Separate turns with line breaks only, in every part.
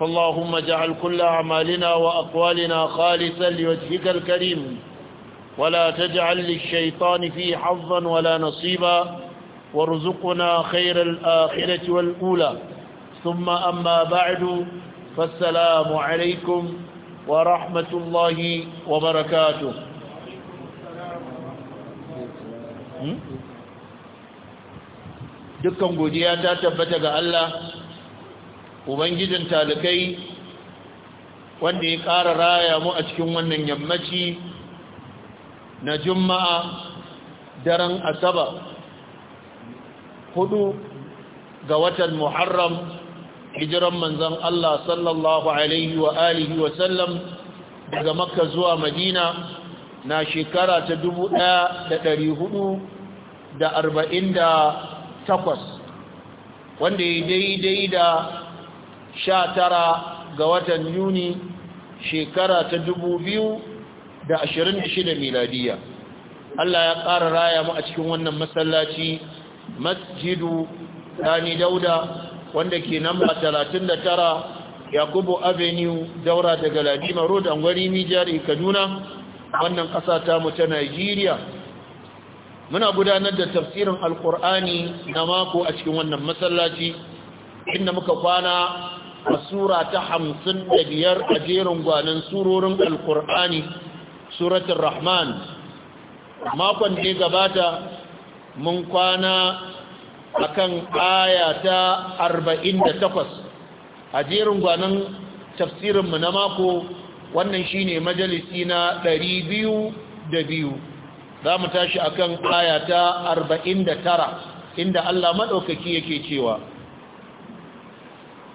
فاللهم اجعل كل أعمالنا وأقوالنا خالصا لوجهك الكريم ولا تجعل للشيطان فيه حظا ولا نصيبا وارزقنا خير الآخرة والأولى ثم أما بعد فالسلام عليكم ورحمة الله وبركاته دكم قدياتا تبتغى الله ubangijin talikai wanda ya ƙara raya mu a cikin wannan yammaci na juma'a daren asaba hudu ga watan muharram hijiran manzan Allah sallallahu alaihi wa alihi wa sallam daga makka zuwa madina na shekara ta dubu ɗaya da ɗari hudu da arba'in da takwas wanda ya daidai da sha tara ga watan yuni shekara ta dubu biyu miladiya Allah ya ƙara raya mu a cikin wannan masallaci masjidu Sani Dauda wanda ke namba talatin da Yakubu Avenue daura daga Ladima Road Angwari Nijar Kaduna wannan ƙasa ta mu ta Najeriya muna gudanar da tafsirin Alƙur'ani na mako a cikin wannan masallaci inda muka kwana a sura ta hamsin da biyar a jerin gwanin surorin alkur'ani suratun rahman makon da gabata mun kwana akan aya ta arba'in da takwas a jerin gwanin tafsirinmu na mako wannan shi ne majalisi na ɗari biyu da biyu za mu tashi akan aya ta arba'in da tara inda allah maɗaukaki yake cewa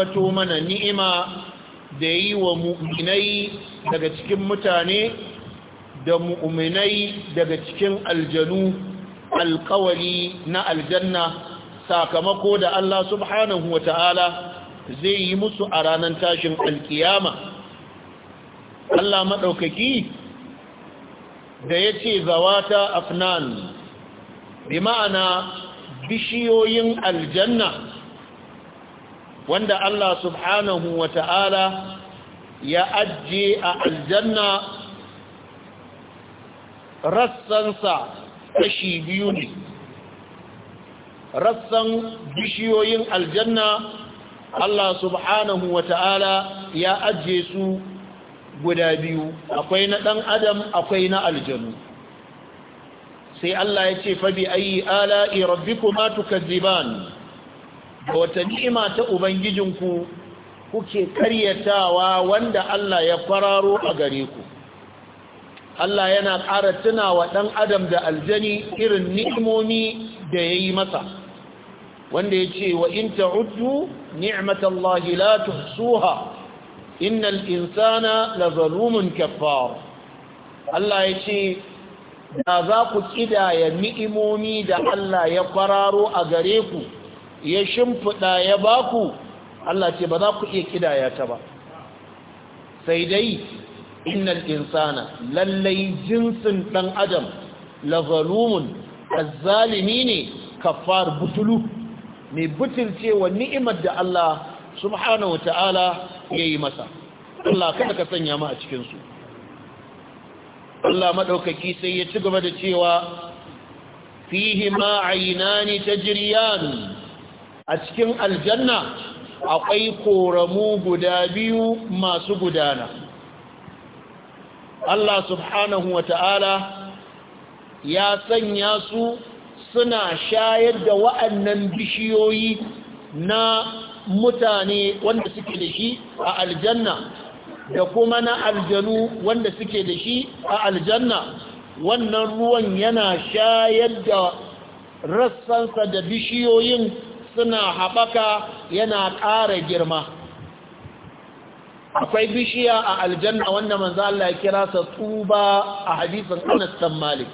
ambato mana ni'ima da yi wa mu'minai daga cikin mutane da mu'minai daga cikin aljanu alkawali na aljanna sakamako da Allah subhanahu wa ta'ala zai yi musu a ranar tashin alkiyama Allah maɗaukaki da ya ce zawata afnan bi ma'ana bishiyoyin aljanna wanda Allah subhanahu wa ta'ala ya ajiye a aljanna rassansa kashi biyu ne rassan bishiyoyin aljanna Allah subhanahu wa ta'ala ya ajiye su guda biyu akwai na ɗan adam akwai na aljanu sai Allah ya ce fabi ayi ala'i rabbi kuma tukaziban da wata ni'ima ta ubangijinku kuke karyatawa wanda Allah ya kwararo a gare ku Allah yana ƙara tunawa ɗan adam da aljani irin ni'imomi da ya yi masa wanda ya ce wa in ta'uddu ni'matallahi la tuhsuha innal insana lazalumun zalumun kaffar Allah ya ce da za ku kidaya ni'imomi da Allah ya kwararo a gare ku ya shimfiɗa ya baku Allah ce ba za ku iya ƙidaya ta ba sai dai innal insana lallai jinsin ɗan adam lazalumun azzalimi ne kafar butulu mai butulce wa ni'imar da Allah subhanahu wa ta'ala ya yi masa Allah kada ka sanya mu a cikinsu Allah maɗaukaki sai ya ci gaba da cewa fihi ma'ainani tajriyan a cikin aljanna akwai koramu guda biyu masu gudana Allah subhanahu wa ta'ala ya sanya su suna shayar da wa'annan bishiyoyi na mutane wanda suke da shi a aljanna da kuma na aljanu wanda suke da shi a aljanna wannan ruwan yana shayar da rassansa da bishiyoyin suna haɓaka yana ƙara girma akwai bishiya a aljanna wanda manzo Allah ya kira sa tuba a hadisin Anas bin Malik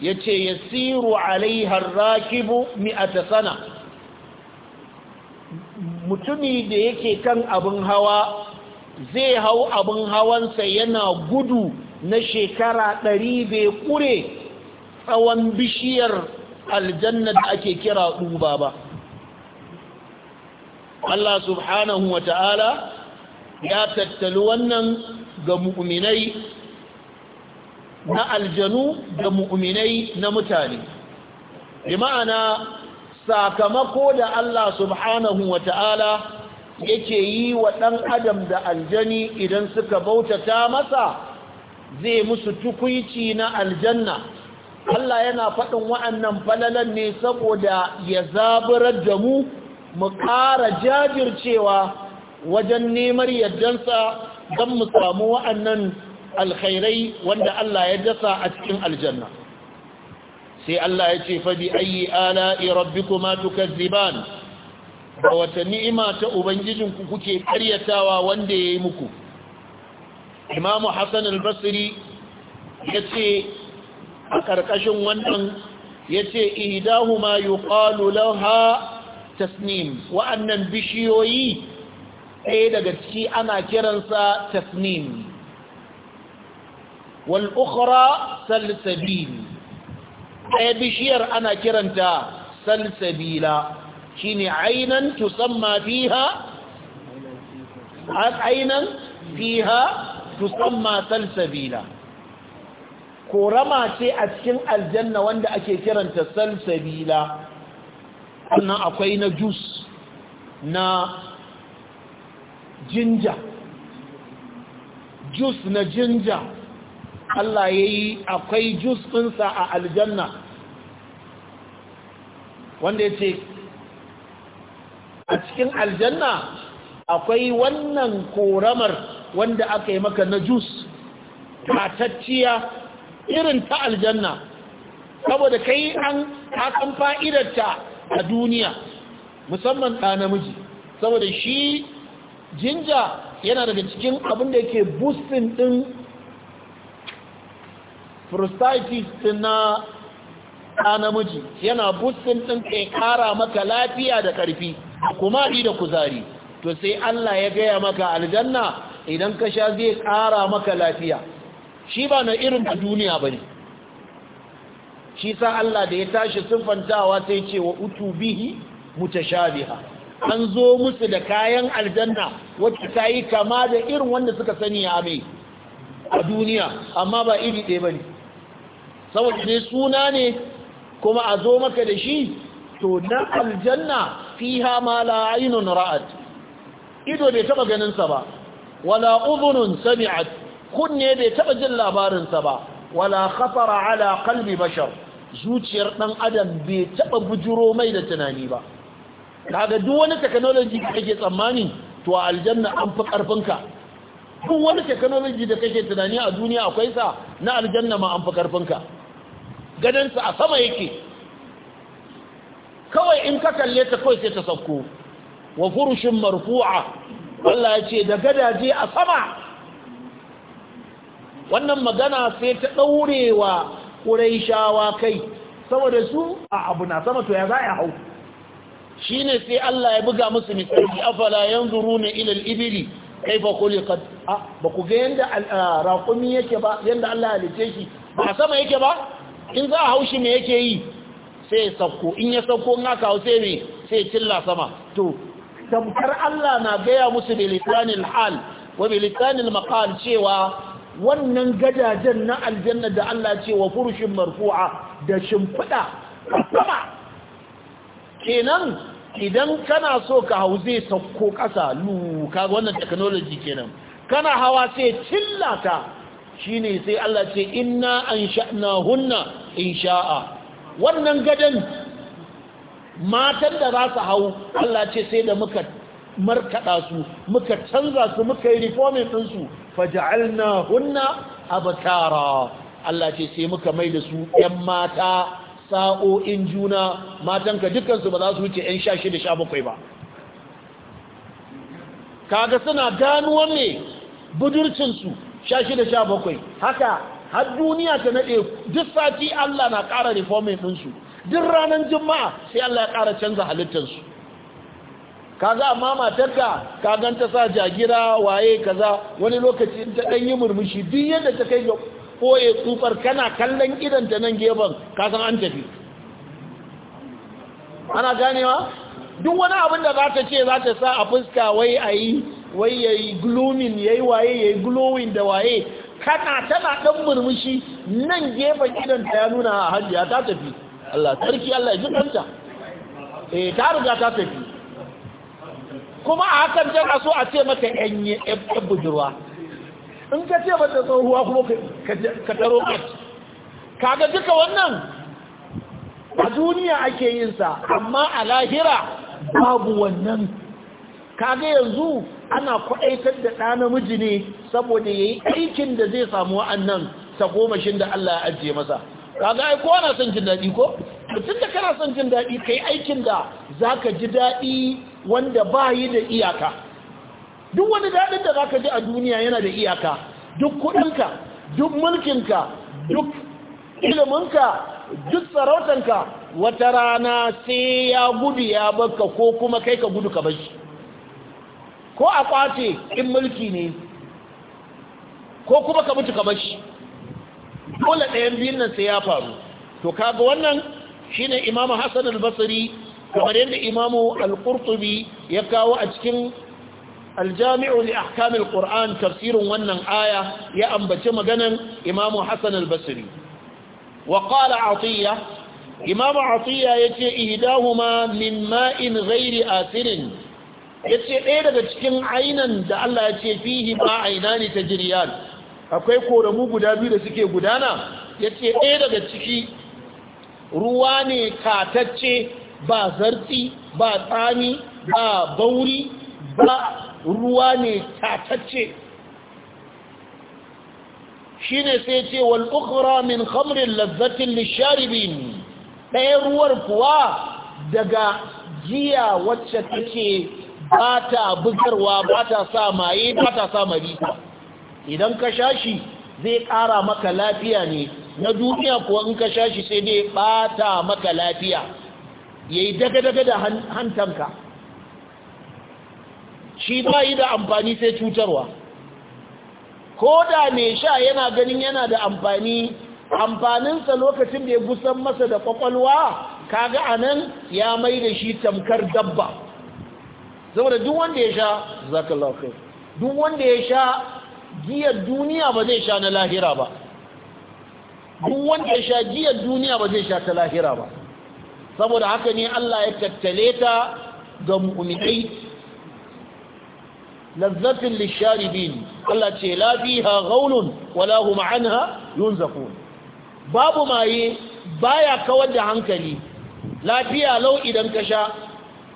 yace yasiru alaiha ar-rakibu sana mutumi da yake kan abin hawa zai hau abin hawansa yana gudu na shekara ɗari bai kure tsawon bishiyar aljanna da ake kira tuba ba Allah subhanahu wa ta'ala ya tattali wannan ga mu'uminai na aljanu da mu'minai na mutane bi ma'ana sakamako da Allah subhanahu wa ta'ala yake yi wa ɗan adam da aljani idan suka bautata masa zai musu tukuici na aljanna Allah yana faɗin wa'annan falalan ne saboda ya zaburar da mu mu ƙara jajircewa wajen neman yardansa don mu samu wa'annan alkhairai wanda Allah ya dasa a cikin aljanna sai Allah ya ce fadi ayi ala rabbikuma tukazziban da wata ni'ima ta Ubangijin ku kuke karyatawa wanda yi muku Imam Hassan al-Basri a ƙarƙashin wannan yace ihdahuma yuqalu lauha. tasnim wa'annan bishiyoyi ɗaya daga ciki ana kiransa tasnim wal salsabil ɗaya bishiyar ana kiranta salsabila shine ainan tusamma fiha ainan fiha tusamma salsabila korama ce a cikin aljanna wanda ake kiranta salsabila sannan akwai na jus na jinja jus na jinja Allah ya yi akwai jus ɗinsa a aljanna wanda ya ce a cikin aljanna akwai wannan koramar wanda aka yi maka na jus tatacciya irin ta aljanna saboda kai an hakan fa'idarta a duniya musamman ɗa namiji saboda shi jinja yana daga cikin abin da yake boosting ɗin prostatitis ɗin na ɗa namiji yana boosting ɗin kai ƙara maka lafiya da ƙarfi kuma ɗi da kuzari to sai Allah ya gaya maka aljanna idan ka sha zai ƙara maka lafiya shi ba na irin duniya ba ne shi sa Allah da ya tashi siffantawa sai ce wa utu bihi mutashabiha an zo musu da kayan aljanna wacce ta yi kama da irin wanda suka sani a mai a duniya amma ba iri ɗaya ba ne saboda ne suna ne kuma a zo maka da shi to na aljanna fiha ma la'ainun ra'ad. ido bai taba ganin sa ba wala udhunun sami'at kunne bai taɓa jin labarin sa ba wala khatara ala kalbi bashar zuciyar ɗan adam bai taɓa bujuro mai da tunani ba kaga duk wani technology da kake tsammani to a aljanna an fi ƙarfinka duk wani technology da kake tunani a duniya akwai sa na aljanna ma an fi ƙarfinka gadansa a sama yake kawai in ka kalle ta kawai sai ta sauko wa furushin marfu'a Allah ya ce da gadaje a sama wannan magana sai ta daurewa. ƙuraishawa kai saboda su a abu na sama to ya za a hau shi ne sai Allah ya buga musu misali afala yan zuru ne ilal ibili kai ba kuli kad ba ku ga yadda raƙumi yake ba yanda Allah halice shi ba sama yake ba in za a hau shi me yake yi sai ya sauko in ya sauko in aka hau sai me sai cilla sama to tamkar Allah na gaya musu bilisanil hal wa bilisanil maqal cewa wannan gadajen na aljanna da Allah ce wa furushin marfu'a da shimfiɗa kenan idan kana so ka hau zai sauko ƙasa luka wannan technology kenan kana hawa sai cillata shine sai Allah ce inna an sha'na hunna insha'a wannan gadan matan da za su hau Allah ce sai da muka markaɗa su muka canza su muka yi reforming ɗinsu faja'alna hunna abkara Allah ce sai muka mai da su ƴan mata sa'o'in juna matanka su ba za su wuce ƴan 16 ba kaga suna ganuwa ne budurcin su 16 haka har duniya ta nade duk sati Allah na ƙara reforming din su duk ranar juma'a sai Allah ya ƙara canza halittar su kaga amma matarka ka ganta sa jagira waye kaza wani lokaci ta dan yi murmushi duk yadda ta kai koye tsufar kana kallon idan ta nan gefen ka san an tafi ana ganewa duk wani abin da za ta ce za ta sa a fuska wai a yi wai ya yi glooming ya yi waye ya yi glowing da waye kana tana dan murmushi nan gefen idan ta ya nuna a hajjiya ta tafi Allah sarki Allah ya ji kanta eh ta riga ta tafi kuma a hakan jan a so a ce mata yanye yan budurwa in ka ce mata tsohuwa kuma ka taro kaga duka wannan a duniya ake yin sa amma a lahira babu wannan kaga yanzu ana kwaɗaitar da ɗa namiji ne saboda ya yi aikin da zai samu wa'annan shi da Allah ya ajiye masa kaga ai ko ana son jin daɗi ko mutum da kana son jin daɗi ka yi aikin da za ka ji daɗi wanda ba yi da iyaka duk wani daɗin da za ka ji a duniya yana da iyaka duk kudinka duk mulkinka duk iliminka duk sarautanka wata rana sai ya gudu ya baka ko kuma kai ka gudu ka bashi ko a kwace in mulki ne ko kuma ka mutu ka bashi dole ɗayan biyun nan sai ya faru to kaga wannan shine imamu hassan al-basri kamar yadda imamu al-qurtubi ya kawo a cikin aljami'u li ahkamil qur'an tafsirin wannan aya ya ambaci maganan imamu hasan al-basri wa qala atiya imamu atiya yace ihdahuma min ma'in ghairi asirin yace ɗaya daga cikin ainan da Allah ya ce fihi ma ta tajriyan akwai koramu guda biyu da suke gudana yace ɗaya daga ciki ruwa ne katacce ba zartsi ba tsami ba bauri ba ruwa ne tatacce shi ne sai ce wal'ukura min khamrin lazzatin lisharibin ɗaya ruwar kuwa daga jiya wacce take ba ta bugarwa ba ta sa maye ba ta sa marita idan ka sha zai kara maka lafiya ne na duniya kuwa in ka sha sai dai ta maka lafiya ya yi daga-daga da hantanka shi ba yi da amfani sai cutarwa ko da mai sha yana ganin yana da amfani amfaninsa lokacin da ya gusan masa da kwakwalwa kaga a nan ya mai da shi tamkar dabba saboda duk wanda ya sha zakallahu duk wanda ya sha giyar duniya ba zai sha na lahira ba duk wanda ya sha giyar duniya ba zai sha ta lahira ba saboda haka ne Allah ya tattale ta ga mu'minai lazzatin lisharibin Allah ce la fiha ghaulun wala hum anha yunzafun babu maye baya kawar da hankali lafiya lau idan ka sha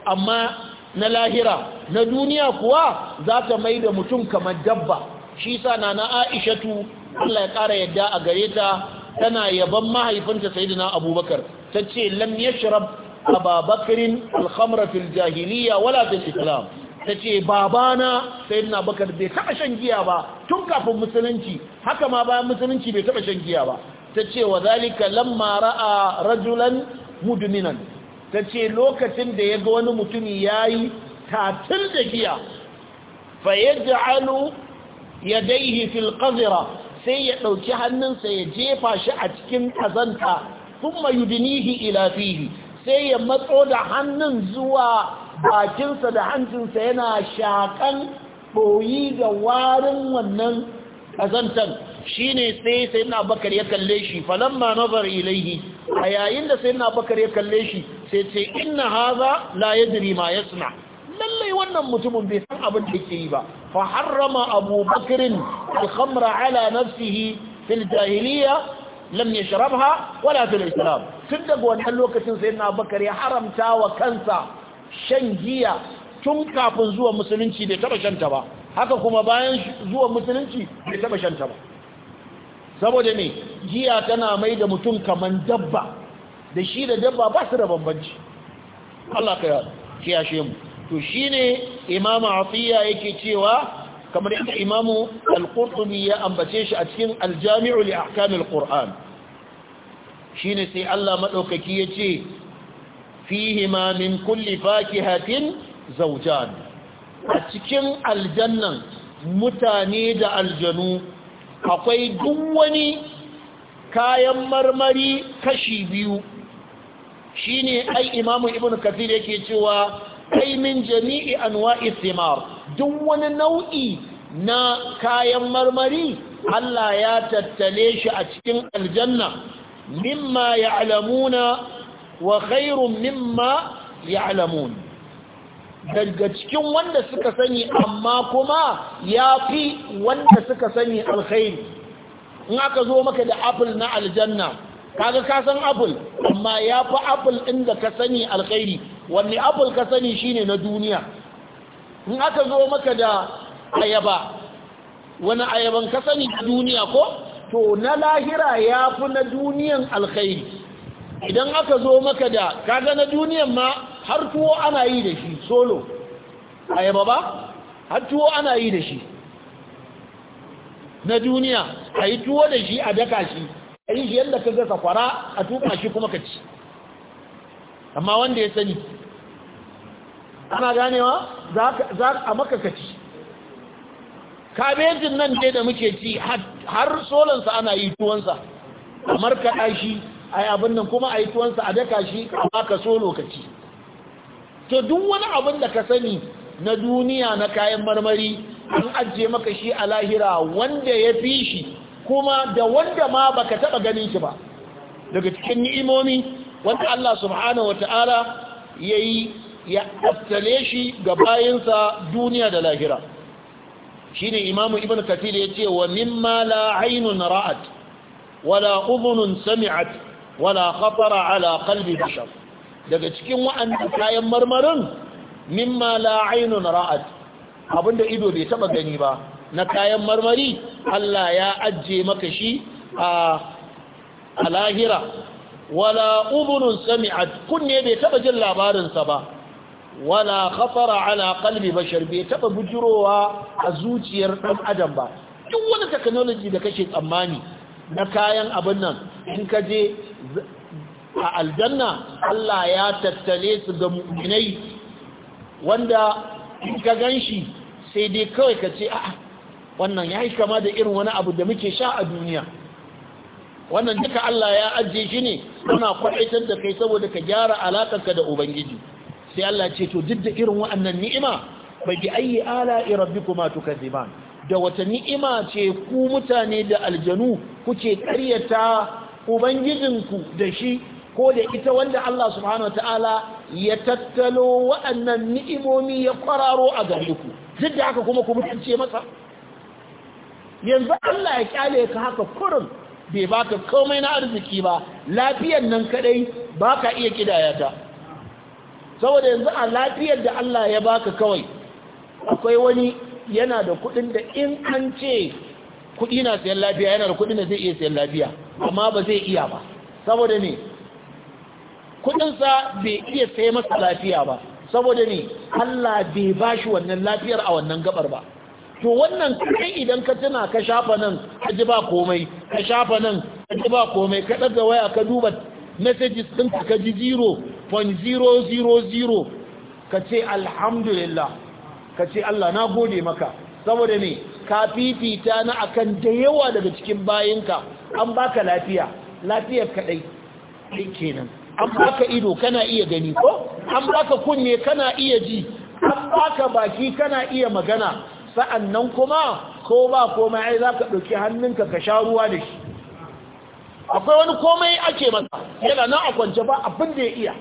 amma na lahira na duniya kuwa za ta mai da mutum kamar dabba shi sa na na aishatu Allah ya ƙara yadda a gare ta tana yaban mahaifinta sayidina abubakar tace lam yashrab shirab a al-khamra fil jahiliya wala fil islam ce babana sayyidina Bakar bai taɓa shan giya ba tun kafin musulunci haka ma bayan musulunci bai taba shan giya ba tace wa zalika lamma ra'a rajulan mudminan tace lokacin da yaga wani mutumi yayi tatil da giya fa ya daihi fil qazra sai ya ɗauki hannunsa ya jefa shi a cikin kazanta thumma yudnihi ila fihi sai ya matso da hannun zuwa bakinsa da hancinsa yana shakan boyi da warin wannan kazantan shine sai sayyidina bakar ya kalle shi falamma nazar ilaihi a yayin da sayyidina bakar ya kalle shi sai ce inna hadha la yadri ma yasna lallai wannan mutumin bai san abin da yake yi ba fa harrama abubakarin al-khamra ala nafsihi fil jahiliya lam yashrabha wala fil islam tun daga wannan lokacin sayyidina abubakar ya haramta wa kansa shan giya tun kafin zuwa musulunci bai taba shanta ba haka kuma bayan zuwa musulunci bai taba shanta ba saboda ne giya tana mai da mutum kaman dabba da shi da dabba ba su da bambanci Allah ka kiyashe mu to shine imama atiya yake cewa kamar yadda imamu al-qurtubi ya ambace shi a cikin al-jami'u li ahkam al-qur'an shine sai Allah madaukaki yace fihi ma min kulli fakihatin zawjan a cikin aljannan mutane da aljanu akwai duk wani kayan marmari kashi biyu shine ai imamu ibnu kathir yake cewa ai min jami'i anwa'i thimar duk wani nau'i na kayan marmari Allah ya tattale shi a cikin aljanna mimma ya'lamuna wa khairun mimma ya'lamun daga cikin wanda suka sani amma kuma ya fi wanda suka sani alkhairi in aka zo maka da apple na aljanna kaga ka san apple amma yafi apple din da ka sani alkhairi wanne apple ka sani shine na duniya in aka zo maka da ayaba wani ayaban ka sani duniya ko to na lahira ya fi na duniyan alkhairi idan aka zo maka da kaga na duniyan ma har tuwo ana yi da shi solo ayaba ba har tuwo ana yi da shi na duniya a yi tuwo da shi a daka shi a yi shi yadda ka gasa kwara a tuka shi kuma ka ci amma wanda ya sani ana ganewa za a makakaci kabejin nan ne da muke ci har solansa ana yi tuwansa a markaɗa shi a yi abin nan kuma a yi tuwansa a daka shi a baka so lokaci to duk wani abin da ka sani na duniya na kayan marmari an ajiye maka shi a lahira wanda ya fi shi kuma da wanda ma baka taɓa ganin shi ba daga cikin ni'imomi wanda Allah subhanahu wa ta'ala ya yi ya aftale shi ga bayansa duniya da lahira shi ne imamu ibn kathir ya ce wa mimma la ainun ra'at wala udhunun sami'at wala khatara ala qalbi bashar daga cikin wa'annan kayan marmarin mimma la ainun ra'at abinda ido bai taba gani ba na kayan marmari Allah ya ajje maka shi a lahira wala udhunun sami'at kunne bai taba jin labarin sa ba wala khatara ala qalbi bashar bai taba bujurowa a zuciyar dan adam ba duk wani technology da kake tsammani na kayan abin nan in ka je a aljanna Allah ya tattale su ga mu'minai wanda in ka ganshi sai dai kawai ka ce a'a wannan yayi kama da irin wani abu da muke sha a duniya wannan duka Allah ya ajiye shi ne suna kwaɗaitar da kai saboda ka gyara alakarka da ubangiji sai Allah ce to duk da irin wa'annan ni'ima bai bi ayi ala rabbikuma tukaziban da wata ni'ima ce ku mutane da aljanu kuke ƙaryata ubangijinku da shi ko da ita wanda Allah subhanahu wataala ya tattalo wa'annan ni'imomi ya kwararo a gare ku duk da haka kuma ku mutunce masa yanzu Allah ya kyale ka haka kurin bai baka komai na arziki ba lafiyar nan kadai baka iya kidayata saboda yanzu a lafiyar da Allah ya baka kawai akwai wani yana da kudin da in an ce kudi na sayan lafiya yana da kudin da zai iya sayan lafiya amma ba zai iya ba saboda ne kudinsa bai iya sai masa lafiya ba saboda ne Allah bai bashi wannan lafiyar a wannan gabar ba to wannan kai idan ka tuna ka shafa nan ka ji ba komai ka shafa nan ka ji ba komai ka daga waya ka duba messages din ka ji zero 0.000 ka ce alhamdulillah ka ce Allah na gode maka saboda ne ka fifita na akan da yawa daga cikin bayinka an baka lafiya lafiyar kadai kenan an baka ido kana iya gani ko an baka kunne kana iya ji an baka baki kana iya magana sa'annan kuma ko ba komai ai zaka dauki hannunka ka sha ruwa da shi akwai wani komai ake masa yana nan a kwance ba abin da ya iya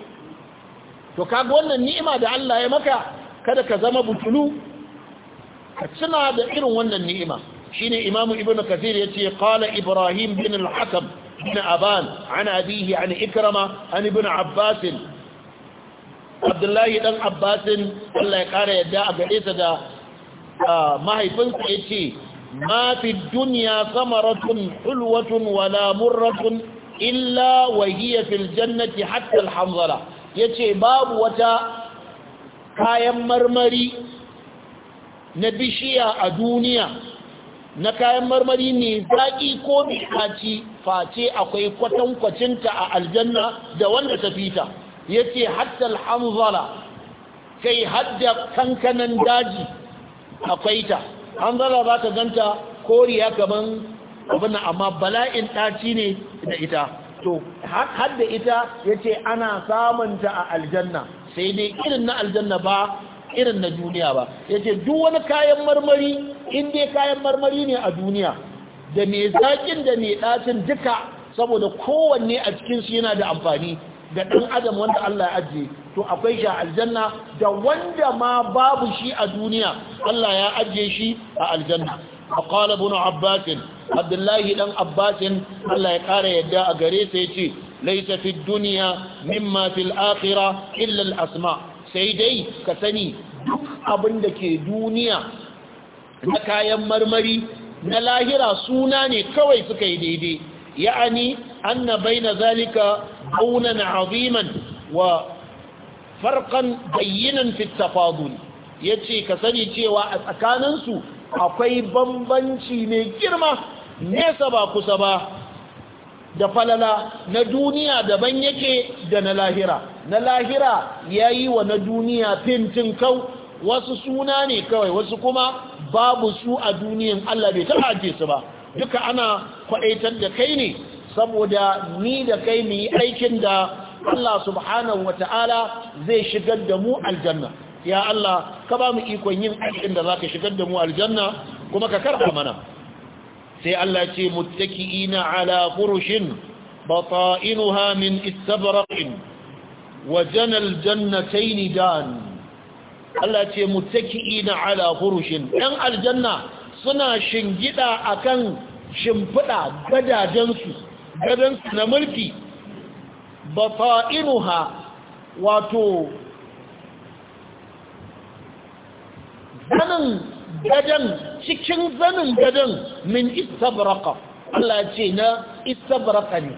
to kaga wannan ni'ima da Allah ya maka kada ka zama butulu ka tuna da irin wannan ni'ima shine Imam Ibn Kathir yace qala Ibrahim bin al-Hakam bin Aban an abihi an Ikrama an Ibn Abbas Abdullahi dan Abbas Allah ya kara yadda a gare sa da mahaifinsa yace ma fi dunya samaratun hulwatun wala murratun illa wa hiya fil jannati hatta al-hanzala ya ce babu wata kayan marmari na bishiya a duniya na kayan marmari ne zaƙi ko mikaci face akwai kwatankwacinta a aljanna da wanda ta fita ya ce hattal hanzala kai hadda kankanan daji akwai ta hanzala za ta ganta koriya gaban abin amma bala'in ɗaci ne da ita to har ita yace ana samunta a aljanna sai dai irin na aljanna ba irin na duniya ba yace duk wani kayan marmari in dai kayan marmari ne a duniya da me zakin da mai ɗacin duka saboda kowanne a cikin su yana da amfani ga ɗan adam wanda Allah ya ajiye to akwai shi a aljanna da wanda ma babu shi a duniya Allah ya ajiye shi a aljanna فقال ابن عباس abdullahi dan abbasin Allah ya kara yadda a gare sa yace laysa fid duniya mimma fil akhirah illa al asma sai dai ka sani duk abin da ke duniya na kayan marmari na lahira suna ne kawai suka yi daidai ya'ani anna baina zalika aunan aziman wa farkan bayyinan fi tafadul yace ka sani cewa a tsakaninsu akwai bambanci mai girma nesa ba kusa ba da falala na duniya daban yake da na lahira na lahira ya yi wa na duniya fintin kau wasu suna ne kawai wasu kuma babu su a duniyan Allah bai taɓa ajiye su ba duka ana kwaɗaitar da kai ne saboda ni da kai ne yi aikin da Allah subhanahu wa ta'ala zai shigar da mu aljanna ya Allah ka ba mu ikon yin aikin da za ka shigar da mu aljanna kuma ka karɓa mana sai Allah ce muttaki'ina ala furushin bata'inuha min istabraqin wajen aljannatayn dan Allah ce muttaki'ina ala furushin ɗan aljanna suna shingida akan shimfiɗa gadajensu gadansu na mulki bata'inuha wato zanin gadan cikin zanin gadon min istabraka Allah ya ce na istabraka ne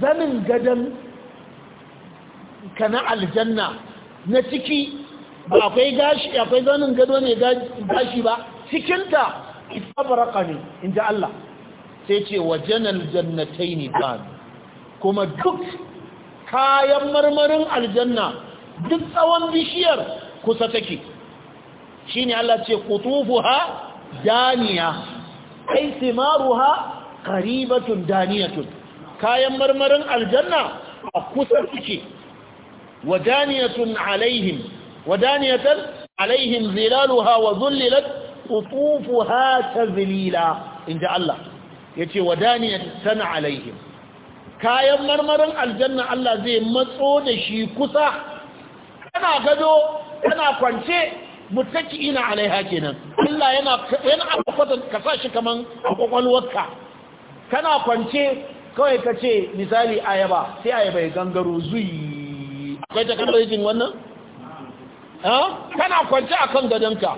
zanin gadon ka na aljanna na ciki ba akwai gashi akwai zanin gado ne gashi ba cikinta istabraka ne in ji Allah sai ce wajen aljannatai ne ba kuma duk kayan marmarin aljanna duk tsawon bishiyar kusa take shine Allah ce qutufuha daniya ai thimaruha qaribatun daniyatun kayan marmarin aljanna a kusan suke wa daniyatun alaihim wa daniyatan alaihim zilaluha wa zullilat qutufuha tazlila inda Allah yace wa daniyatan alaihim kayan marmarin aljanna Allah zai matso da shi kusa kana gado kana kwance muttaki'ina alaiha kenan Allah yana yana akwatan ka sashi kaman kwakwalwarka kana kwance kawai ka ce misali ayaba sai ayaba ya gangaro zuyi akwai ta kallon jin wannan ha kana kwance akan gadanka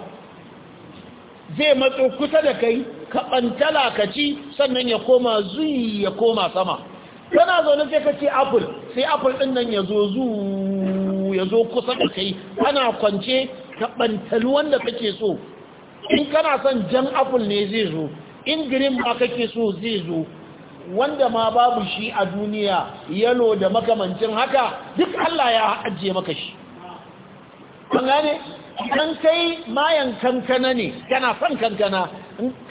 zai matso kusa da kai ka bantala ka ci sannan ya koma zuyi ya koma sama kana zaune sai ka ce apple sai apple din nan ya zo zu ya zo kusa da kai kana kwance ka ɓantali wanda kake so in kana son jan apple ne zai zo in green ma kake so zai zo wanda ma babu shi a duniya yalo da makamancin haka duk Allah ya ajiye maka shi kan gane kan kai mayan kankana ne kana son kankana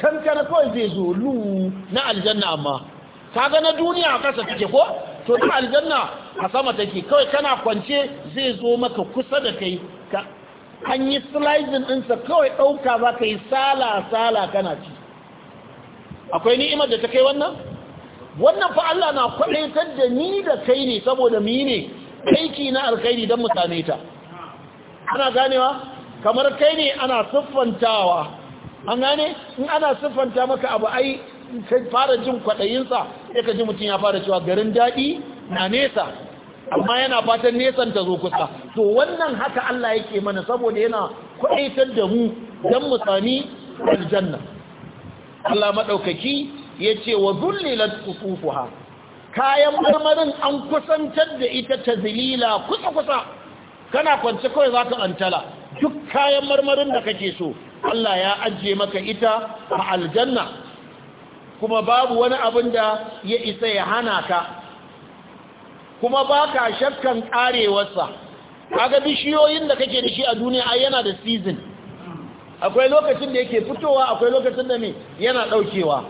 kankana kawai zai zo lu na aljanna amma kaga na duniya a kasa take ko to na aljanna a sama take kawai kana kwance zai zo maka kusa da kai an yi slicing ɗinsa kawai ɗauka ba ka yi sala-sala kana ci akwai ni'imar da ta kai wannan? wannan fa Allah na kwaɗaitar da ni da kai ne saboda mi ne aiki na alkhairi don mutane ta ana ganewa kamar kai ne ana siffantawa an gane in ana siffanta maka abu ai fara jin kwaɗayinsa ya ka ji mutum ya fara cewa garin daɗi na nesa amma yana fatan nesan ta zo kusa to wannan haka Allah yake mana saboda yana kwaitar da mu dan mu sami aljanna Allah madaukaki yace wa zullilat qutufuha kayan marmarin an kusantar da ita ta zilila kusa kusa kana kwance kawai za ka antala duk kayan marmarin da kake so Allah ya ajiye maka ita a aljanna kuma babu wani abin da ya isa ya hana ka kuma ba ka shakkan karewarsa kaga bishiyoyin da kake da shi a duniya ai yana da season akwai lokacin da yake fitowa akwai lokacin da me yana daukewa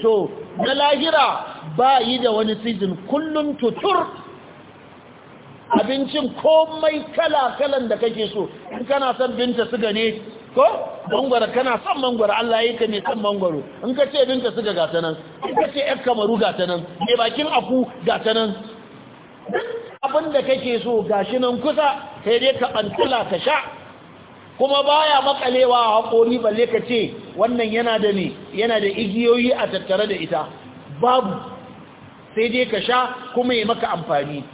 to na lahira ba yi da wani season kullum tutur abincin komai kala-kalan da kake so in kana son binta suga ne ko bangwara kana son bangwara Allah ya yi ka ne son bangwaro in ka ce binta suga gata nan in ka ce ‘yar kamaru gatanan nan bakin aku gatanan abin da kake so gashi nan kusa sai dai ka antula ka sha kuma baya makalewa a haƙori balle ka ce wannan yana da ne yana da igiyoyi a tattare da ita babu sai dai ka sha kuma yi maka amfani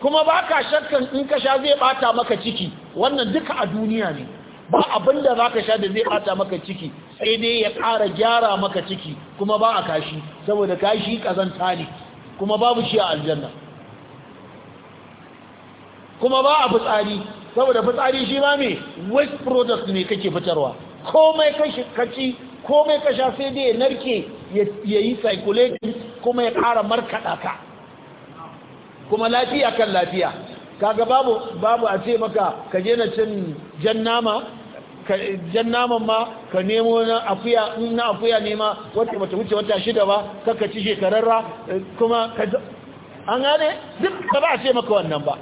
kuma ba ka shakkan in ka sha zai bata maka ciki wannan duka a duniya ne ba abin da za ka sha da zai bata maka ciki sai dai ya ƙara gyara maka ciki kuma ba a kashi saboda kashi ƙazanta ne kuma babu shi a aljanna kuma ba a fitsari saboda fitsari shi ma mai waste product ne kake fitarwa komai kaci komai kasha sai dai ya narke ya yi kuma ya kara markaɗa ka kuma lafiya kan lafiya kaga babu babu a ce maka ka je na cin jan nama ka jan naman ma ka nemo na afiya in na afiya ne ma wata bata wuce wata shida ba kaka ci shekararra kuma ka an gane duk ba za ce maka wannan ba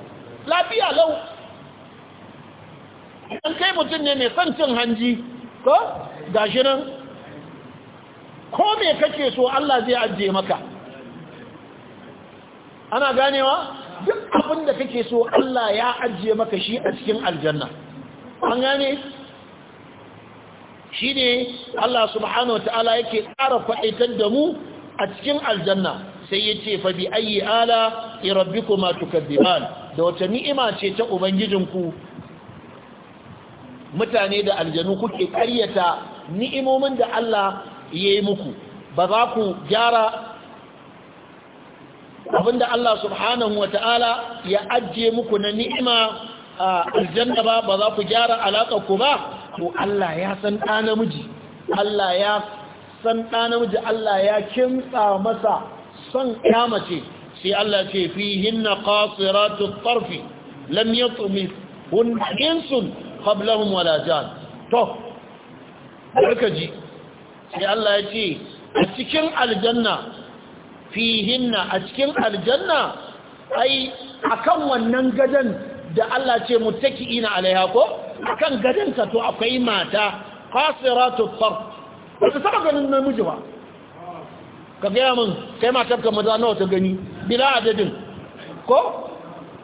lafiya lau an kai mutum ne mai son cin hanji ko gashi nan ko me kake so Allah zai ajiye maka ana ganewa duk abin da kake so Allah ya ajiye maka shi a cikin aljanna an gane shi ne Allah subhanahu wa ta'ala yake ƙara faɗaitar da mu a cikin aljanna sai ya ce fa bi ayi ala rabbikuma tukaddiban da wata ni'ima ce ta ubangijinku mutane da aljanu kuke ƙaryata ni'imomin da Allah ya yi muku ba za ku gyara abinda Allah subhanahu ta'ala ya ajiye muku na ni'ima a aljanna ba ba za ku gyara alaƙa ku ba to Allah ya san ɗa namiji Allah ya san ɗa namiji Allah ya kimtsa masa son ya mace sai Allah ce fihinna qasiratut tarfi lam yatmis hun insun qablahum wala jan to barka ji sai Allah ya ce a cikin aljanna fihinna a cikin aljanna ai akan wannan gadon. da Allah ce ina alaiha ko kan gadinsa to akwai mata kasiratu farq ba ta saba ganin namiji ba ka gaya min kai matar ka maza nawa ta gani bila adadin ko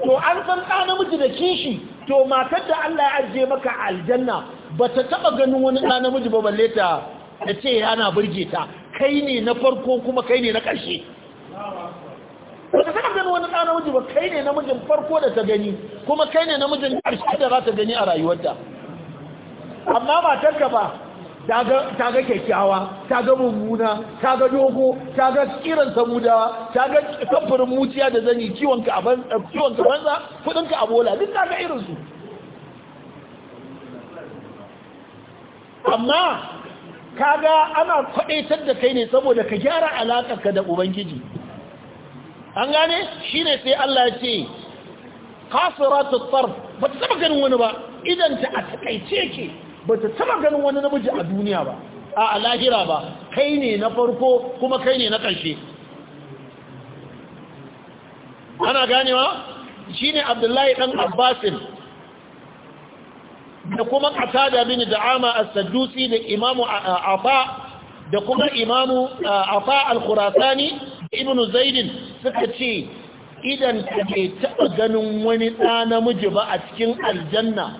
to an san ɗa namiji da kishi to matar da Allah ya ajiye maka aljanna ba ta taba ganin wani ɗa namiji ba balle ta ta ce yana burge ta kai ne na farko kuma kai ne na ƙarshe ba ta taɓa wani tsara namiji ba kai ne namijin farko da ta gani kuma kai ne namijin ƙarshe da za ta gani a rayuwarta amma matarka ba ta ga kyakkyawa ta ga mummuna ta ga dogo ta ga kiran samudawa ta ga kamfanin muciya da zani kiwonka a eh, banza kudinka a bola duk ta ga irinsu amma kaga ana kwadaitar da kai ne saboda ka gyara ka da ubangiji an gane shi ne sai Allah ya ce kasiratu tsar ba ta taba ganin wani ba idan ta a takaice ke ba ta taba ganin wani namiji a duniya ba a lahira ba kai ne na farko kuma kai ne na ƙarshe ana ganewa shi ne abdullahi ɗan abbasin da kuma ƙasada bin da'ama a sadusi da imamu fa da kuma imamu afa al-khurasani ibn zaidin suka ce idan kake taba ganin wani ɗa namiji ba a cikin aljanna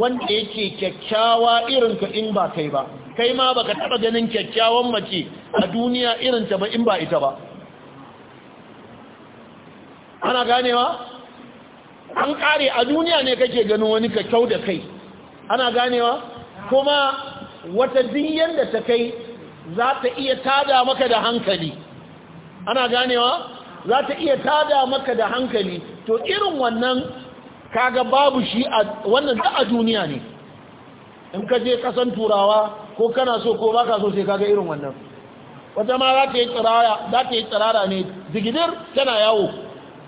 wanda yake kyakkyawa irinka in ba kai ba kai ma baka taɓa ganin kyakkyawan mace a duniya irin ta ba in ba ita ba ana ganewa an kare a duniya ne kake ganin wani ka da kai ana ganewa kuma wata diyan da ta kai za ta iya tada maka da hankali ana ganewa za ta iya tada maka da hankali to irin wannan kaga babu shi a wannan da a duniya ne in ka je kasan turawa ko kana so ko baka so sai kaga irin wannan wata ma za ta yi tsirara za ta yi tsirara ne digidir tana yawo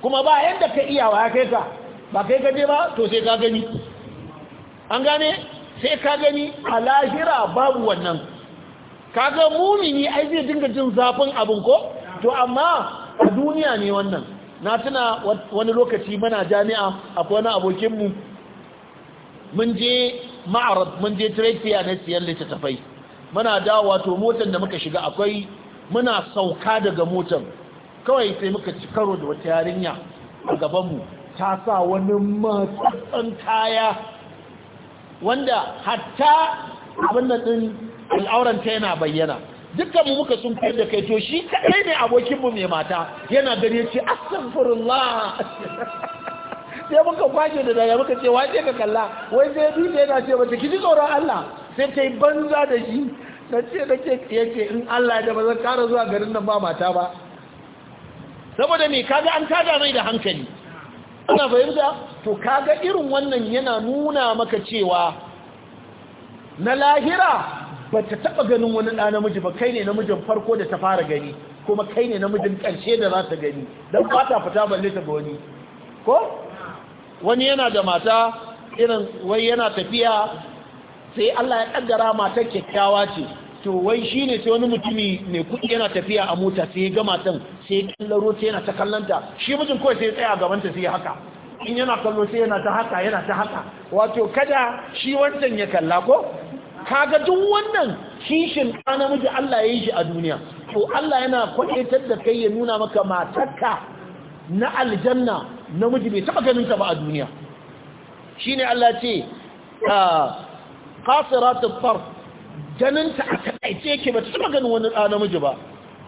kuma ba yadda ka iya wa ya kai ka ba kai ka je ba to sai ka gani an gane sai ka gani a lahira babu wannan kaga mumini ai zai dinga jin zafin abin ko to amma a duniya ne wannan na tuna wani lokaci mana jami'a a wani abokinmu mun je ma'arab mun je trafiya na siyan littattafai muna dawo to motar da muka shiga akwai muna sauka daga motar kawai sai muka ci karo da wata yarinya a gabanmu ta sa wani matsatsan kaya wanda hatta abin nan din al'auranta yana bayyana dukkan mu muka sun fiyar da kai to shi kadai ne abokinmu mai mata yana gani ce astaghfirullah sai muka kwace da daga muka ce wace ka kalla wai sai dutse yana ce mata ki ji tsoron Allah sai ta yi banza da shi ta ce da ke ce in Allah da ba zan kara zuwa garin nan ba mata ba saboda me kaga an tada mai da hankali ana fahimta to kaga irin wannan yana nuna maka cewa na lahira ba ta taɓa ganin wani ɗa namiji ba kai ne namijin farko da ta fara gani kuma kai ne namijin ƙarshe da za ta gani don fata fata fita balle ta ga wani ko wani yana da mata irin wai yana tafiya sai Allah ya kaddara mata kyakkyawa ce to wai shi ne sai wani mutumi mai kuɗi yana tafiya a mota sai ya gama tan sai ya kallaro sai yana ta kallanta shi mijin kawai sai ya tsaya gaban ta sai ya haka in yana kallo sai yana ta haka yana ta haka wato kada shi wancan ya kalla ko kaga duk wannan kishin ɗa namiji Allah ya yi shi a duniya to Allah yana kwaɗetar da kai ya nuna maka matarka na aljanna namiji bai taɓa ganin ta ba a duniya shine Allah ce ah, qasiratul far ganinta a takaice yake ba ta taɓa ganin wani ɗa namiji ba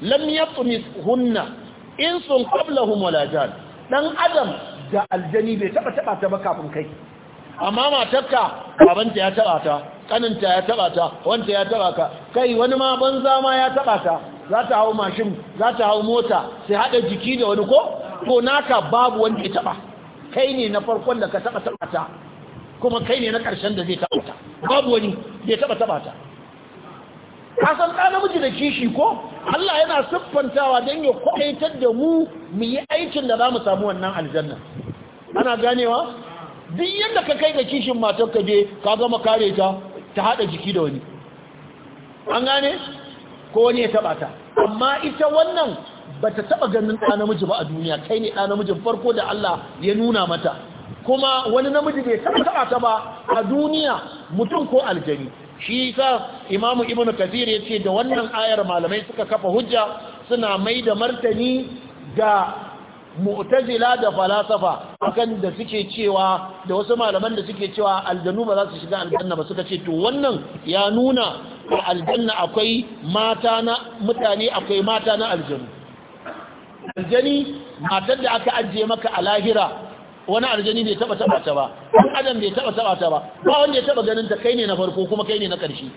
lam yatmis hunna insun qablahum wala jan ɗan adam da aljani bai taɓa taɓa ta ba kafin kai amma matarka babanta ya taɓa ta kaninta ya taba ta wanta ya taba ka kai wani ma banza ma ya taba ta za ta hau mashin za ta hau mota sai hada jiki da wani ko ko naka babu wanda ya taba kai ne na farkon da ka taba taba ta kuma kai ne na karshen da zai taba ta babu wani da ya taba taba ta ka san ɗan namiji da kishi ko Allah yana siffantawa don ya kwaitar da mu mu yi aikin da za mu samu wannan aljanna ana ganewa duk yadda ka kai ga kishin matar ka je ka gama kare ta ta haɗa jiki da wani an gane ko wani ya taɓa ta amma ita wannan ba ta taɓa ganin ɗa namiji ba a duniya kai ne ɗa namijin farko da Allah ya nuna mata kuma wani namiji bai taɓa taɓa ta ba a duniya mutum ko aljani shi sa imamu ibnu kathir ya ce da wannan ayar malamai suka kafa hujja suna mai da martani ga mu'tazila da falasafa akan da suke cewa da wasu malaman da suke cewa aljanu ba za su shiga aljanna ba suka ce to wannan ya nuna a aljanna akwai mata na mutane akwai mata na aljanu aljani matar da aka ajiye maka a lahira wani aljani bai taba taba ta ba ɗan adam bai taba taba ta ba ba wanda ya taba ganin ta kai ne na farko kuma kai ne na ƙarshe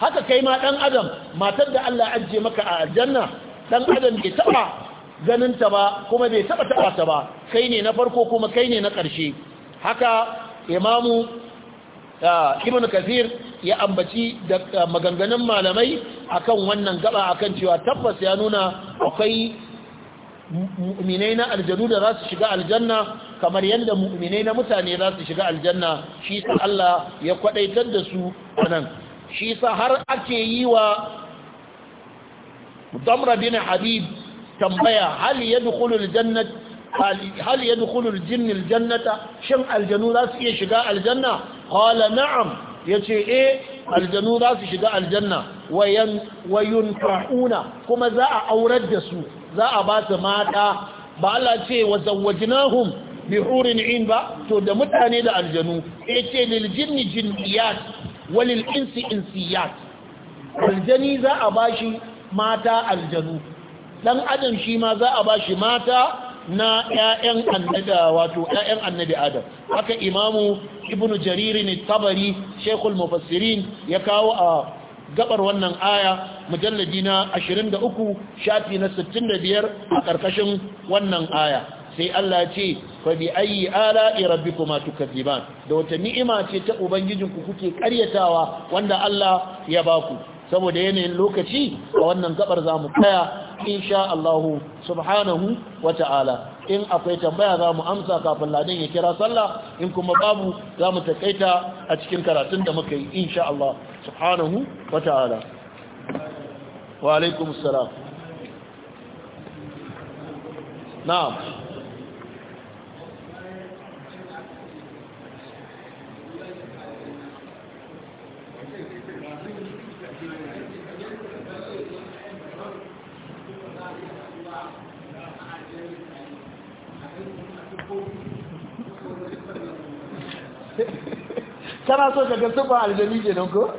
haka kai ma ɗan adam matar da Allah ajiye maka a aljanna dan adam bai taba ganin ta ba kuma bai taba taba ta ba kai ne na farko kuma kai ne na ƙarshe haka imamu ibn kafir ya ambaci da maganganun malamai akan wannan gaba akan cewa tabbas ya nuna akwai mu'minai na aljanu da za su shiga aljanna kamar yadda mu'minai na mutane za su shiga aljanna shi sa Allah ya kwadaitar da su nan shi sa har ake yi wa Damra bin Habib tambaya hal yadkhulu aljannat hal yadkhulu aljinn shin aljanu za su iya shiga aljanna qala na'am yace eh aljanu za su shiga aljanna wayan wayunkahuna kuma za a aurar da su za a ba su mata ba Allah ce wa zawwajnahum bi hurin in ba to da mutane da aljanu yace lil jinni jinniyat walil insi insiyat aljani za a bashi mata aljanu dan adam shi ma za a ba shi mata na ƴaƴan annabi wato ƴaƴan annabi adam haka imamu ibnu Jariri tabari shaykhul mufassirin ya kawo a gabar wannan aya mujalladi na 23 shafi na 65 a karkashin wannan aya sai Allah ce fa bi ayi ala rabbikuma tukadiban da wata ni'ima ce ta ubangijinku kuke karyatawa wanda Allah ya baku saboda yanayin lokaci a wannan gabar za mu tsaya insha Allah subhanahu wa ta'ala in akwai tambaya za mu amsa kafin ladin ya kira sallah in kuma babu za mu takaita a cikin karatun da muka yi insha Allah subhanahu wa ta'ala wa alaikum salam na'am kana so ka ga siffa aljami ke nan ko a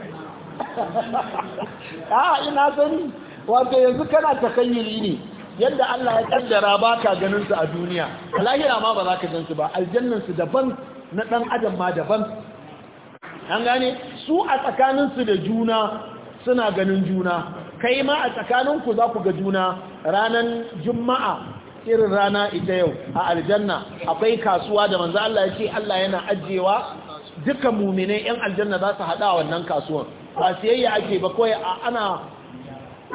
ah, ina sani wato yanzu kana ta takayyuli ne yadda Allah ya kaddara ba ka ganin su a duniya lahira ma ba za ka gan su ba aljannan su daban na dan adam ma daban an gane su a tsakaninsu da juna suna ganin juna kai ma a tsakanin ku za ku ga juna ranan juma'a irin rana ita yau a aljanna akwai kasuwa da manzo Allah ya ce Allah yana ajiyewa duka muminai 'yan aljanna za su haɗa wannan kasuwan ba siyayya ake ba kawai ana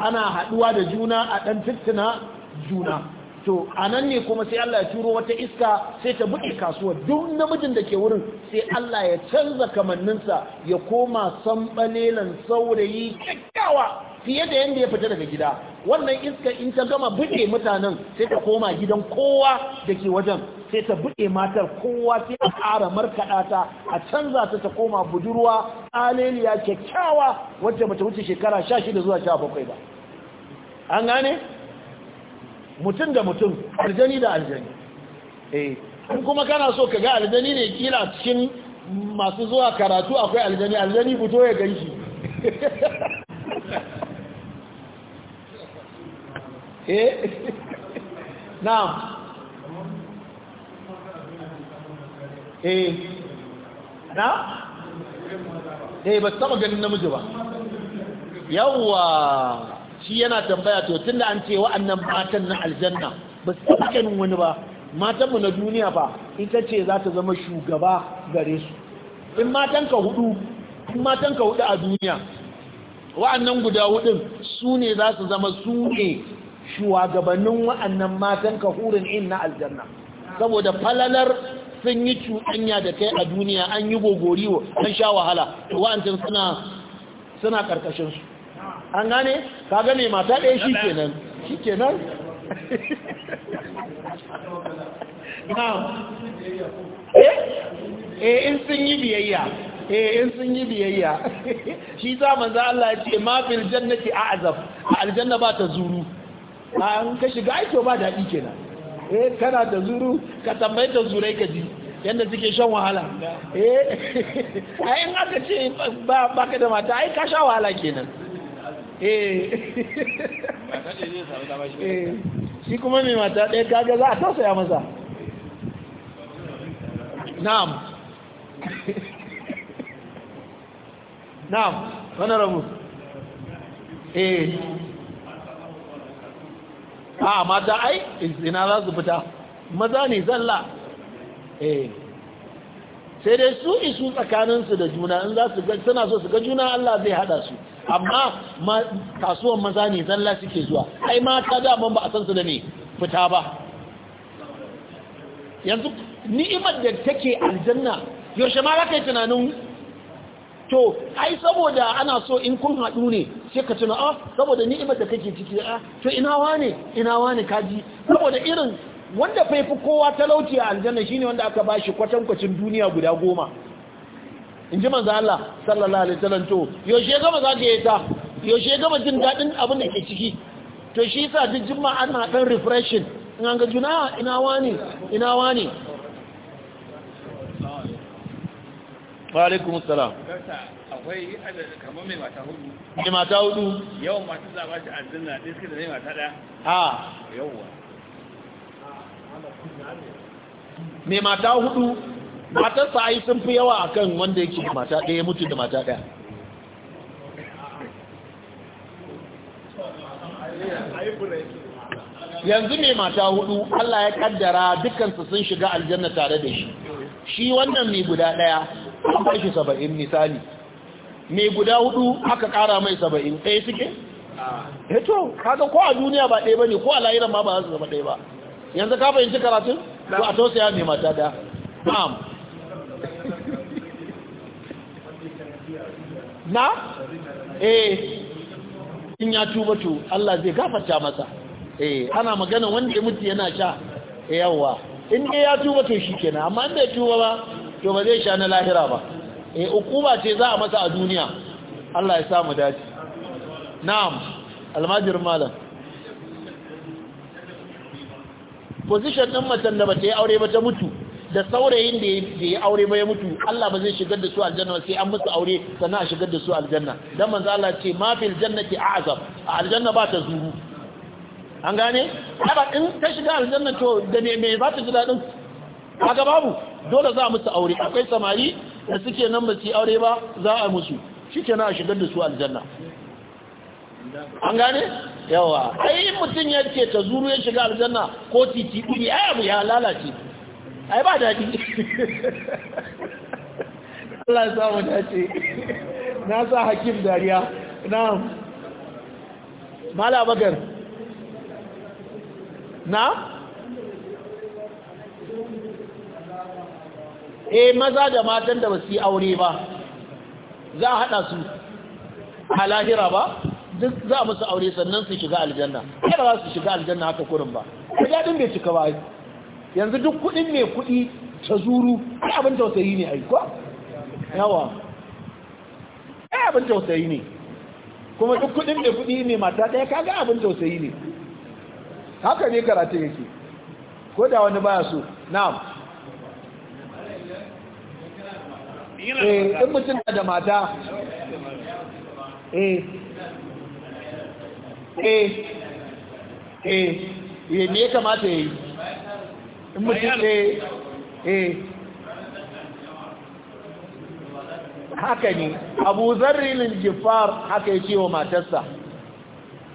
ana haɗuwa da juna a ɗan tattuna juna to a nan ne kuma sai Allah ya turo wata iska sai ta buɗe kasuwa duk namijin da ke wurin sai Allah ya canza kamanninsa ya koma sambalelan saurayi kyakkyawa fiye da yadda ya fita daga gida wannan iska in ta gama buɗe mutanen sai ta koma gidan kowa da ke wajen sai ta buɗe matar kowa sai a ƙara markaɗa ta a canza ta ta koma budurwa aleliya kyakkyawa wacce bata wuce shekara sha shida zuwa sha bakwai ba an gane mutum da mutum aljani da aljani eh in kuma kana so ka ga aljani ne kila cikin masu zuwa karatu akwai aljani aljani fito ya ganshi eh na'am eh na'am
eh ba ganin namiji ba
yawwa shi yana tambaya to tunda an ce wa'annan matan na aljanna ba su taɓa ganin wani ba matanmu na duniya ba ita ce za ta zama shugaba gare su in matanka hudu in ka hudu a duniya wa'annan guda hudun su ne za su zama su ne shugabannin wa'annan matan ka hurin in na aljanna saboda falalar sun yi cuɗanya da kai a duniya an yi wa an sha wahala wa'ancin suna suna ƙarƙashinsu an gane ka gane mata ɗaya shi kenan shi kenan eh? eh in sun yi biyayya eh in sun yi biyayya shi za Allah ya ce ma fil jannati a'zab aljanna ba ta zuru an ka shiga aiki ba daɗi kenan eh kana da zuru ka tambayi da zurai ka ji yadda suke shan wahala eh ai aka ce ba ka da mata ai ka sha wahala kenan
eh, eh
shi kuma mai mata ɗaya kaga za a tausaya masa na'am na'am wani rabu eh a mata ai ina za su fita maza ne zalla eh sai dai su isu tsakaninsu da juna in za su suna so su ga juna Allah zai hada su amma kasuwan maza ne zalla suke zuwa ai mata daman ba a san su da ne fita ba yanzu ni'imar da take aljanna yaushe ma za ka yi tunanin to ai saboda ana so in kun haɗu ne sai ka tuna ah saboda ni'imar da kake ciki ah to ina wane ina wane kaji saboda irin wanda faifi kowa talauci a aljanna shine wanda aka bashi kwatankwacin duniya guda goma in ji manzo Allah sallallahu alaihi wasallam to yaushe gama za ka yi ta yaushe gama jin dadin abin da ke ciki to shi yasa duk juma'a ana dan refreshing in an ga juna ah, ina wane ina wane Wa'alaikun salam.
akwai kamar mai mata hudu. Mai mata hudu? Yawan masu zaba shi aljanna ɗin mata ɗaya.
mata hudu, sun fi yawa akan wanda yake da mata mutu da mata ɗaya.
Yanzu mai mata hudu, Allah ya kaddara dukansu
sun shiga aljanna tare da shi. Shi wannan mai guda ɗaya, an ba shi saba'in misali mai guda hudu aka kara mai saba'in ɗaya suke? Eh to kaga ko a duniya ba ɗaya ba ne ko a layiran ma ba za su zama ɗaya ba yanzu ka fahimci karatun Ko a ya nema ta da ma'am
na? eh
in ya tuba tu Allah zai gafarta masa eh ana magana wanda ya mutu yana sha eh, Yawwa, in ya tuba to shi kenan amma in bai tuba ba to ba zai sha na lahira ba e hukuma ce za a masa a duniya Allah ya samu dace na'am almajir malam position din matan da bata yi aure ba ta mutu da saurayin da ya yi aure ba ya mutu Allah ba zai shigar da su aljanna sai an musu aure sannan a shigar da su aljanna dan manzo Allah ce ma fil jannati a'zab a aljanna ba ta zuru an gane ba in ta shiga aljanna to da me ba ta ji dadin kaga babu dole za a musu aure akwai samari da suke nan ba su aure ba za a musu shi ke na shigar da su aljanna an gane yawa ai mutum ya ce ta zuru ya shiga aljanna ko titi ɗuri ai abu ya lalace ai ba daɗi Allah ya samu dace na sa hakim dariya na mala bagar
na E maza da matan da ba su yi aure ba
za a haɗa su a lahira ba duk za musu aure sannan su shiga aljanna kada za su shiga aljanna haka kurin ba din bai cika ba yanzu duk kudin mai kudi ta zuru ai abin tausayi ne ai ko yawa ai abin tausayi ne kuma duk kudin mai kudi ne mata ɗaya kaga abin tausayi ne haka ne karatu yake ko da wani baya so na'am
eh in mutum da mata eh eh eh ya eh, ne ya kamata ya yi in mutum ne eh
haka ne abu zarrinin jifar haka ya ce wa matarsa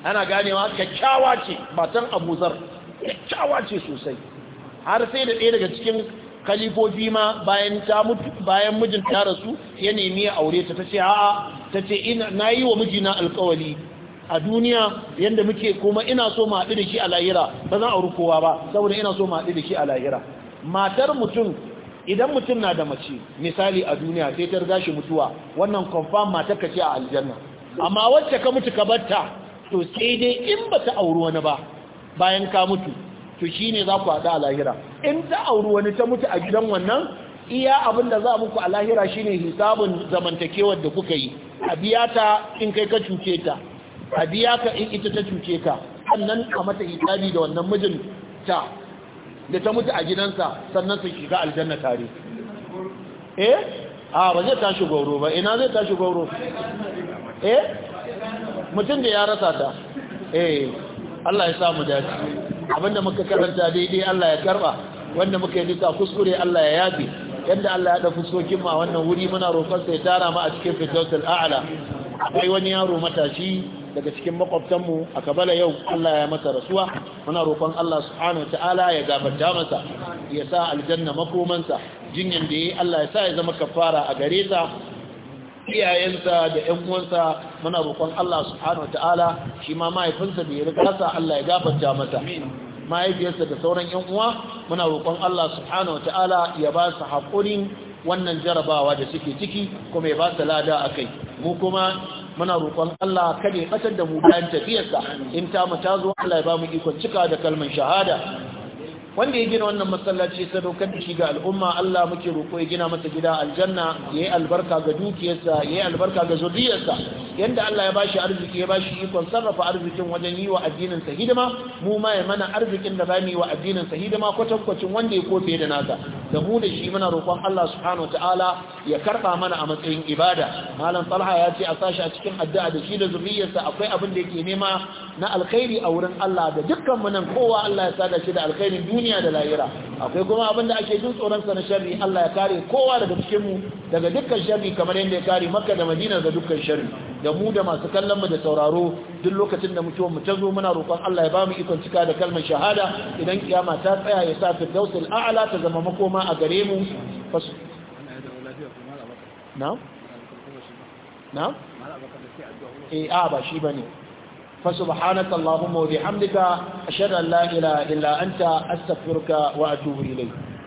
ana ganewa kyakkyawa ce matan abu zar kyakkyawa ce sosai har sai da ɗaya daga cikin kalifofi ma bayan ta mutu bayan mijin ta rasu ya nemi ya aure ta tace a'a tace ina nayi wa mijina alƙawari a duniya yanda muke kuma ina so mu haɗu da shi a lahira ba zan auri kowa ba saboda ina so mu haɗu da shi a lahira matar mutum idan mutum na da mace misali a duniya sai ta riga shi mutuwa wannan confirm matar ka ce a aljanna amma wacce ka mutu ka batta to sai dai in bata auri wani ba bayan ka mutu to shi ne za ku haɗu a lahira in ta auri wani ta mutu a gidan wannan iya abin da za muku a lahira shine hisabin zamantakewar da kuka yi a biya ta in kai ka cuce ta a biya ka in ita ta cuce ka sannan a mata hisabi da wannan mijin ta da ta mutu a gidansa sannan su shiga aljanna tare eh a ba zai tashi gauro ba ina zai tashi gauro eh mutum da ya rasa ta eh Allah ya samu dace abinda muka karanta daidai Allah ya karba wanda muka yi nisa kuskure Allah ya yafi yadda Allah ya da fuskokin ma a wannan wuri muna roƙon sai tara mu a cikin fitawtul a'la akwai wani yaro matashi daga cikin makwabtan mu a Kabala yau Allah ya masa rasuwa muna roƙon Allah subhanahu ta'ala ya gafarta masa ya sa aljanna makomansa jinyan da yayi Allah ya sa ya zama kafara a gare ta iyayensa da ‘yan uwansa muna roƙon Allah subhanahu ta'ala shi ma mahaifinsa da ya rikasa Allah ya gafarta mata mahaifiyarsa da sauran ‘yan uwa muna roƙon Allah subhanahu ta'ala ya ba su haƙurin wannan jarabawa da suke ciki kuma ya ba su lada a kai mu kuma muna roƙon Allah kada ya ɓatar da mu bayan tafiyarsa in ta mu ta zo Allah ya ba mu ikon cika da kalmar shahada wanda ya gina wannan masallaci sadaukar da shi ga al'umma Allah muke roƙo ya gina masa gida aljanna yayi albarka ga dukiyarsa yayi albarka ga zuriyarsa yanda Allah ya bashi arziki ya bashi ikon sarrafa arzikin wajen yi wa addinin sa hidima mu ma ya mana arzikin da zamu yi wa addinin sa hidima kwatankwacin wanda ya kofe da nasa da mu da shi muna roƙon Allah subhanahu ta'ala ya karba mana a matsayin ibada malam Talha ya ce a sashi a cikin addu'a da shi da zuriyarsa akwai abin da yake nema na alkhairi a wurin Allah da dukkan mu nan kowa Allah ya sada shi da alkhairin biyu duniya da lahira akwai kuma abin da ake jin tsoron sa na sharri Allah ya kare kowa daga cikin mu daga dukkan sharri kamar yadda ya kare Makka da Madina daga dukkan sharri da mu da masu kallon mu da sauraro duk lokacin da mutuwar mu ta zo muna roƙon Allah ya ba mu ikon cika da kalmar shahada idan kiyama ta tsaya ya sa firdausul a'la ta zama makoma a gare mu na na eh a ba shi bane فسبحانك اللهم وبحمدك أشهد أن لا إله إلا أنت أستغفرك وأتوب إليك